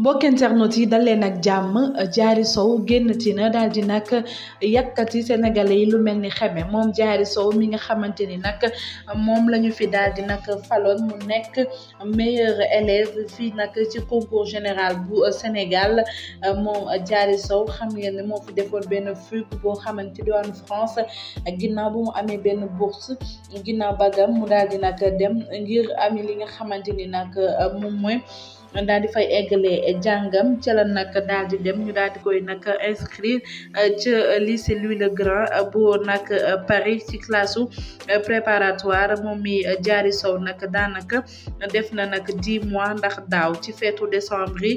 mbokk internautes yi nag leen ak jàmm Diary Sow génnati na daal di nag yàkkati sénégalais yi lu mel ni xeme moom jaari Sow mi nga xamante ni nag moom lañu fi daal di nag faloon mu nekk meilleur élève fii nag ci concours général bu Sénégal moom Diary Sow xam ngeen ne moo fi defoon benn fugue boo xamante doon France ginnaaw bu mu amee benn bourse ginnaaw bagam mu daal di nag dem ngir ami li nga xamante ni nag moom daal di fay eggalee jàngam ca la nag daal di dem ñu daal di koy nag inscrire euh, ca euh, lycée Louis le Grand euh, bu nag Paris ci classe préparatoire moom mi jaari sow nag daanaka def na nag dix mois ndax daaw ci feetu décembre yi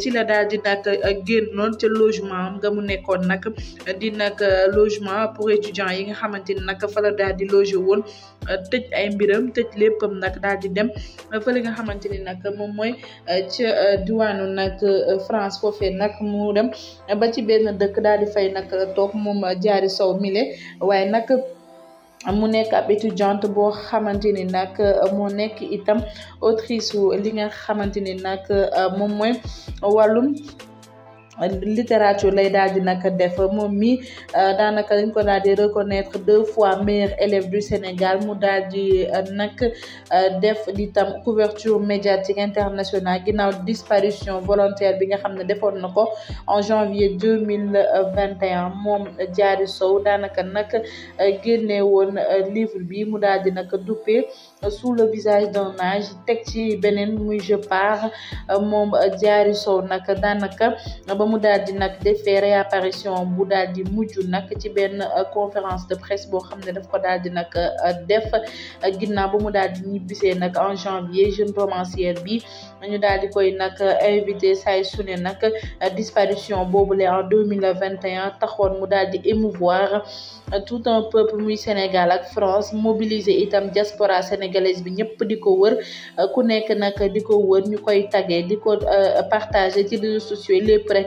ci la daal di nag génnoon ca logement am nga mu nekkoon nag di nag logement pour étudiants yi nga xamante ni nag fa la daal di logé woon tëj ay mbiram tëj léppam nag daal di dem fa li nga xamante ni nag moom mooy Euh, ca euh, diwaanu nag euh, France foofee nag mu dem ba ci benn dëkk daal di fay nag toog moom jaari sow mile waaye nag mu nekk ab étudiante boo xamante ni nag moo nekk itam autrice li nga xamante ni nag moom mooy wàllum littérature lay daal di nag def moom mi euh, daanaka dañ ko daal di reconnaître deux fois meilleur élève du Sénégal mu daal di euh, nag euh, def di tam couverture médiatique internationale ginnaaw disparition volontaire bi nga xam ne defoon na ko en janvier 2021. mille vingt moom Diary Sow daanaka nag génne woon livre bi mu daal di nag duppe sous le visage d'un âge teg ci beneen muy je pars moom Diary Sow nag daanaka mu daal di nag defee réapparition bu daal di mujj nag ci benn euh, conférence de presse boo xam ne daf ko daal di nag euh, def euh, ginnaaw ba mu daal di ñibbisee nag en janvier jeune romancière bi ñu daal di koy nag invité say su ne nag disparition boobule en 2021. mille taxoon mu daal di émouvoir tout un peuple muy Sénégal ak France mobilisé itam diaspora sénégalaise bi ñëpp di ko wër ku nekk nag di ko wër ñu koy tagee di ko partagé ci réseaux sociaux lépp rek.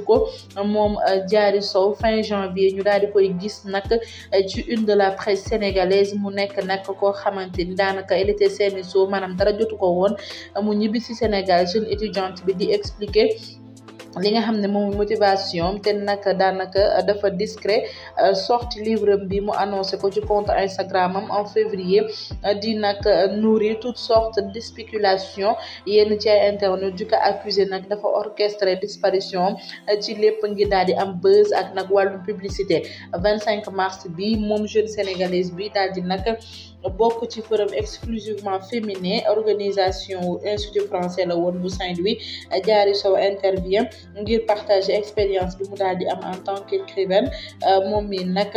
ko suis euh, Diary Sow fin janvier ñu daal di koy gis euh, une de la presse sénégalaise mu nekk nak ko xamanteni danaka elle était dara jotu ko won mu Sénégal jeune étudiante bi di expliquer li nga xam ne moom motivation te nag daanaka dafa discret euh, sorti livre bi mu annoncé ko ci compte Instagram am en février euh, di nag euh, nourrir toutes sortes de spéculation yenn ci ay internet ju ko accusé nag dafa orchestré disparition ci lépp ngi daal di am buzz ak nag wàllu publicité 25 mars bi moom jeune sénégalaise bi daal di nag bokk ci forum exclusivement féminin organisation institut français la woon bu Saint-Louis Diary Sow intervient ngir partager expérience bi mu daal di am en tant qu'écrivaine euh, moom mi nag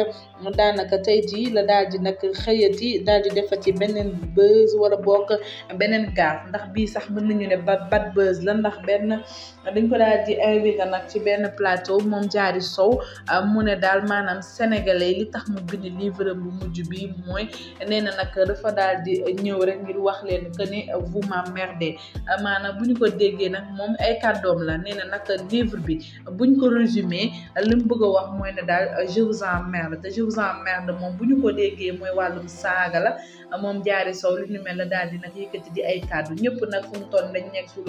daanaka tey jii la daal di nag xëyati daal di defati beneen buzz wala bokk beneen gaaf ndax bii sax mën nañu ne bat bad buzz la ndax benn dañ ko daal di invité nag ci benn plateau moom jari Sow euh, mu ne daal maanaam sénégalais li tax mu bind livre bu mujj bi mooy nee na nag dafa daal di ñëw rek ngir wax leen que ne vous m'emmerdez maana bu ñu ko déggee nag moom ay kàddoom la nee na nag livre bi buñ ko résumé li mu bëgg a wax mooy ne daal je vous emmerde te je vous moom bu ñu ko mooy wàllum saaga la moom jaari sow li mel la daal di nag yëkkati di ay kàddu ñëpp nag fu mu toll dañ nekk sous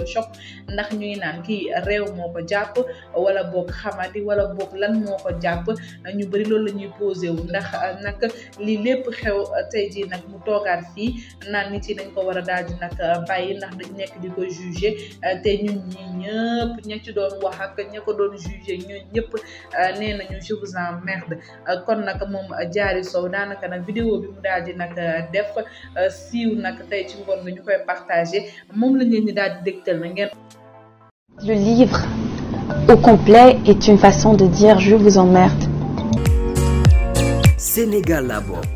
ndax ñuy naan kii réew moo ko jàpp wala boog xamati wala boog lan moo ko jàpp a ñu bëri loolu la ñuy posé wu ndax nag lii lépp xew tey jii nag mu toogaat fii nan nit yi dañ ko wara a nak di euh, ndax dañ nekk di ko jugé euh, te ñun ñi ñëpp ña ci doon wax ak ña ko doon juger ñun ñëpp euh, nee nañu je vous emmerde kon nak moom jaari Sow daanaka nag vidéo bi mu daal nak def siiw nak tey ci ngoon nga ñu koy partagé moom la ngeen ñi daal di dégtal na ngeen le livre au complet est une façon de dire je vous emmerde Sénégal la bopp